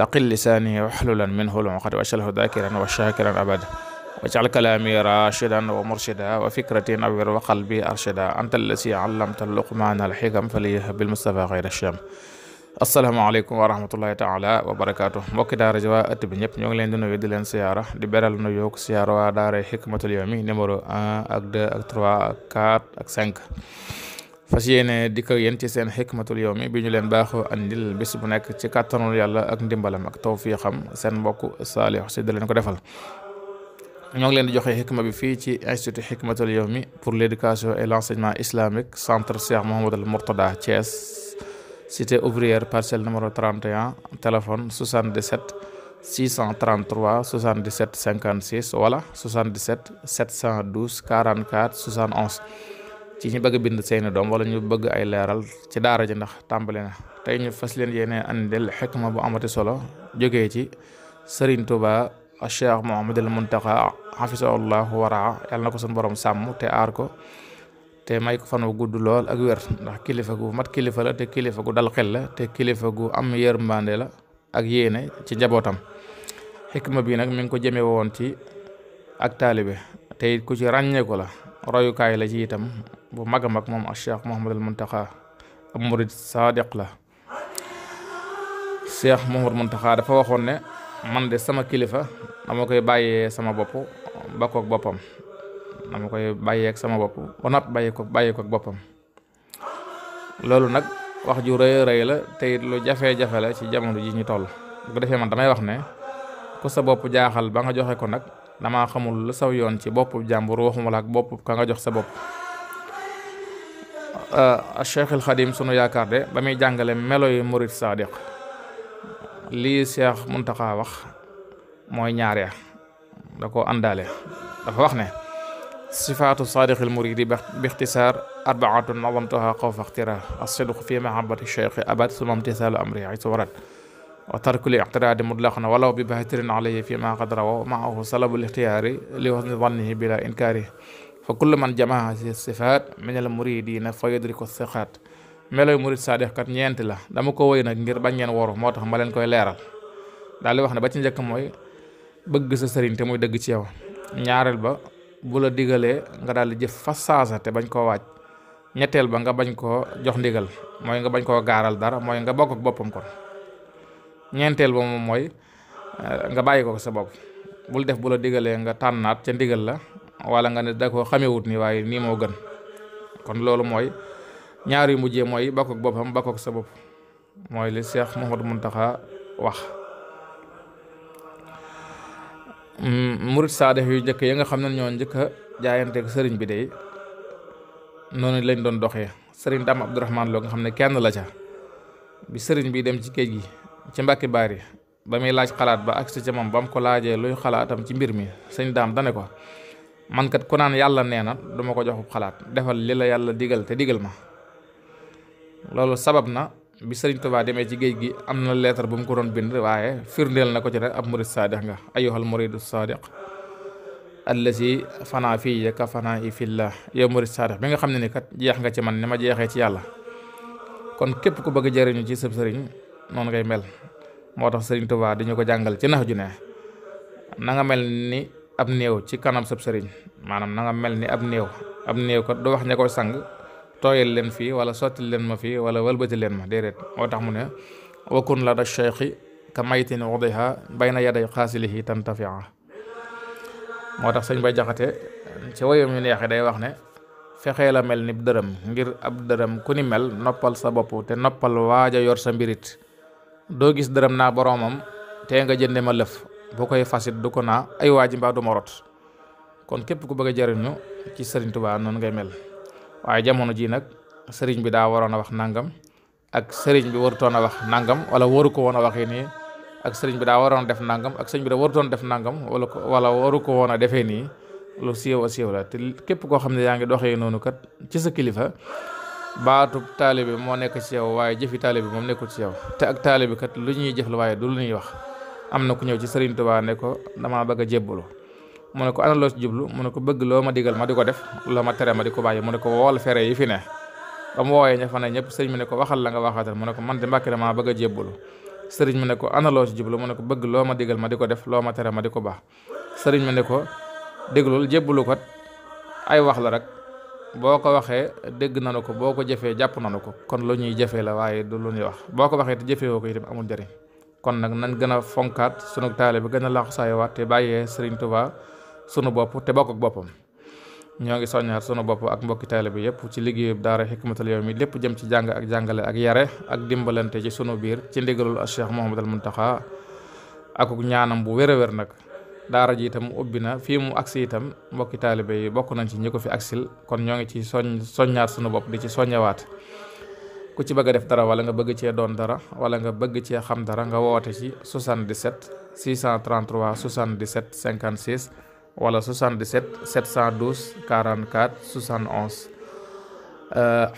laqil lisaani waxlulan minhu lmuqad wa shalhu dakiran wa shakiran abada wajal kalaami rashidan wa murshida wa fikrati nawir wa qalbi arshida anta allasi allamta luqmaana alxikam faliyah sham asalaamaaleykum wa rahmatullahi taala wa barakaatu mbokki daara ji waa ëtt bi leen di nuyu di leen siyaara di beral nu yook siyaara waa numéro 1 ak 2 fas yéene di ko yéen ci seen xikmatul yawmi bi ñu leen baaxoo andil bis bu nekk ci kàttanul yàlla ak ndimbalam ak tawfiixam seen mbokk Saliou Sy da leen ko defal ñoo ngi leen di joxe xikma bi fii ci institut xikmatul mi pour l'éducation et l'enseignement islamique centre Cheikh Mouhamadou al Mourtada Thiès cité ouvrière parcelle numéro 31 téléphone 77 633 77 56 wala 77 712 44 71 ci ñu bëgg bind seeni doom wala ñu bëgg ay leeral ci daara ji ndax tàmbali na tey ñu fas leen yéene andil xikma bu amati solo jógee ci Serigne Touba Cheikh Mouhamadul Muntaqa xafisahullahu waraa yàlla na ko suñu borom sàmm te aar ko te may ko fan wu gudd lool ak wér ndax kilifa gu mat kilifa la te kilifa gu dal xel la te kilifa gu am yërmande la ak yéene ci njabootam xikma bi nag mi ngi ko jëme woon ci ak taalibe te ku ci ràññeeku la royukaay la bu mag a mag moom ak cheikh Mouhamadul Mountakha ab murid saadiq la cheikh Mouhamadul Mountakha dafa waxoon ne man de sama kilifa dama koy bàyyee sama bopp bakkoog boppam dama koy bàyyee bàyyeek sama bopp ba noppi bàyyee ko bàyyee boppam loolu nag wax ju rëy rëy la te it lu jafe-jafe la ci jamono ji ñu toll bu defee man damay wax ne ku sa bopp jaaxal ba nga joxe ko nag damaa xamul lu saw yoon ci boppu jàmbur waxuma la ak bopp ka nga jox sa bopp Euh, Cheikh al Xadim sunu yakaar de ba muy jàngale melo yi murid sadiq lii Cheikh Muntaxa wax mooy ñaare da ko àndaale dafa wax ne sifaatu sadiqil muridi bi ixtisaar arbaatun nazamtuha xawfa ixtiraar as-sidqu fi mahabbati cheikhi abad suma imtisaalu amri ay suwarat wa tarku li ictiraadi mutlaqan walaw bi bahtirin alayhi fi ma qad rawa maahu salabu lixtiyaari li wasni dannihi bila inkaari fa kullu man jamaa si sifaat min al muridina fa yudriku siqaat meloy murid saadiq kat ñeenti la dama ko woy nag ngir bañ ngeen woru moo tax ma leen koy leeral daal di wax ne ba ci njëkk mooy bëgg sa sëriñ te muy dëgg ci yow ñaareel ba bu la digalee nga daal di jëf fas saasa te bañ koo waaj ñetteel ba nga bañ koo jox ndigal mooy nga bañ koo gaaral dara mooy nga bokk ak boppam kon ñeenteel ba moom mooy eh, nga bàyyi ko sa bopp bul def bu la digalee nga tànnaat ca ndigal la wala nga ne da koo xamewut ni waaye nii moo gën kon loolu mooy ñaar yu mujjee mooy bakkook boppam bakkook sa bopp mooy li Cheikh Mouhamadou taxa wax mm, murit saadix yu njëkk yi nga xam ne ñoo njëkk a jaayanteeg sëriñ bi de noonu lañ doon doxee sëriñ Dame Abdourahmane Lo nga xam ne kenn la ca bi sëriñ bii dem ci géej gi ci baar yi ba muy laaj xalaat ba agsi ca moom ba mu ko laajee luy xalaatam ci mbir mi sëñ daam dane ko man kat ku naan yàlla nee na du ko jox xalaat defal li la yàlla digal te digal ma loolu sabab na bi Sëriñ Tuubaa demee ci géej gi am na leetar bu mu ko doon bind waaye firndeel na ko ci rek ab murid saadiq nga ayyuhal muridu saadiq allazi fanaa fii yaka fanaa i fillah yow murid saadiq bi nga xam ne ni kat jeex nga ci man ni ma jeexee ci yàlla kon képp ku bëgg jëriñu ci sëb sëriñ noonu ngay mel moo tax Sëriñ Tuubaa dañu ko jàngal ci nax ju ne nanga mel ni ab néew ci kanam sab sëriñ maanaam nanga mel ni ab néew ab néew kat du wax ña koy sang tooyal leen fii wala sottil leen ma fii wala wëlbati leen ma déedéet moo tax mu ne wakun la da cheikhi ka maytin wadiha bayna yaday xaasilihi tantafia moo tax sëñ ba jaxate ci woyam yu neexee day wax ne fexee la mel ni dërëm ngir ab dërëm ku ni mel noppal sa bopp te noppal waaja yor sa mbirit doo gis dërëm naa boroomam te nga jënde ma lëf boo koy fasit du ko naa ay waaji mbaa du ma kon képp ku bëgg a jariñu ci sëriñ Tuubaa noonu ngay mel waaye jamono jii nag sëriñ bi daa waroon a wax nangam ak sëriñ bi warutoon a wax nangam wala waru ko woon a waxee nii ak sëriñ bi daa waroon def nangam ak sëriñ bi daa warutoon def nangam wala wala waru ko woon a defee nii lu siiw a siiw la te képp koo xam ne yaa ngi doxee noonu kat ci sa kilifa baatub taalibe moo nekk ci yow waaye jëfi taalibe moom nekkut ci yow te ak taalibe kat lu ñuy jëf la waaye du lu ñuy am na ku ñëw ci sëriñ Tuubaa ne ko damaa bëgg a jébbalu mu ne ko ana loo ci jublu mu ne ko bëgg loo ma digal ma di ko def loo ma tere ma di ko bàyyi mu ne ko wool fere yi fi ne ba ñëpp sëriñ mi ne ko waxal la nga waxaatal mu ne ko man de mbàkke dama bëgg a jébbulu sëriñ mu ne ko ana loo jublu mu ne ko bëgg loo ma digal ma di ko def loo ma tere ma di ko baax sëriñ mi ne ko déglul jébbulu ko ay wax la rek boo ko waxee dégg nanu ko boo ko jëfee jàpp nanu ko kon lu ñuy jëfee la waaye du lu ñuy wax boo ko waxee te jëfee woo ko itam amul njëriñ kon nag nan gën sunu taale bi gën a laaxu saayowaat te bàyyee sëriñ Tuubaa sunu bopp te bokk ak boppam ñoo ngi soññaat sunu bopp ak mbokki taalibe bi yëpp ci liggéeyub daara Hikmatul Yawmi lépp jëm ci jàng ak jàngale ak yare ak dimbalante ci sunu biir ci ndigalul Cheikh Mouhamadul taxa ak ñaanam bu wér-wér nag daara jiitam ubbi na fii mu agsi itam mbokki taalibe yi bokk nañ ci ñi ko fi agsil kon ñoo ngi ci soñ soññaat sunu bopp di ci soññewaat ku ci bëgg a def dara wala nga bëgg cee doon dara wala nga bëgg cee xam dara nga woote ci 77 633 77 wala 77 712 44 71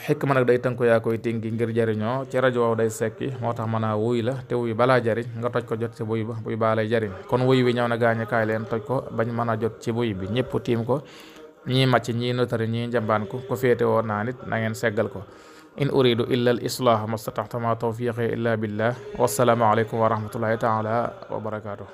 xikma nag day tënku yaa koy tënki ngir jariñoo ci rajo day sekki moo tax mën a wuy la te wuy balaa jariñ nga toj ko jot ci buy ba buy baa jariñ kon wuy wi ñëw na gaañu kaay leen toj ko bañ mën a jot ci buy bi ñëpp tiim ko ñii màcc ñii notari ñii njambaan ko ko féete woon naa nit na ngeen seggal ko in uridu illa al islah mastataxtama tawfiqi illa billah wasalaamu aleykum wa rahmatullahi taala wa barakaatu